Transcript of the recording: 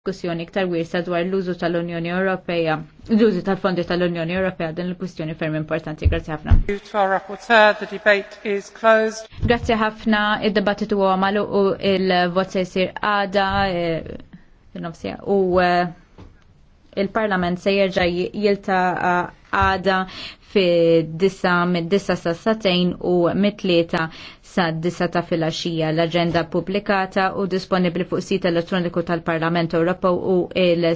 diskussjoni iktar wiesa dwar l-użu tal-Unjoni Ewropea, l-użu tal-fondi tal-Unjoni Ewropea din il-kwistjoni ferm importanti. Grazzi ħafna. Grazie ħafna, id-debattitu huwa magħluq u il-vot se jsir għada eh, u eh, il-Parlament se jerġa' jilta' għada fi disa mid-disa sa satejn u mit-tlieta sa disa ta' filaxija. L-agenda publikata u disponibli fuq sit elettroniku tal-Parlament Ewropew u il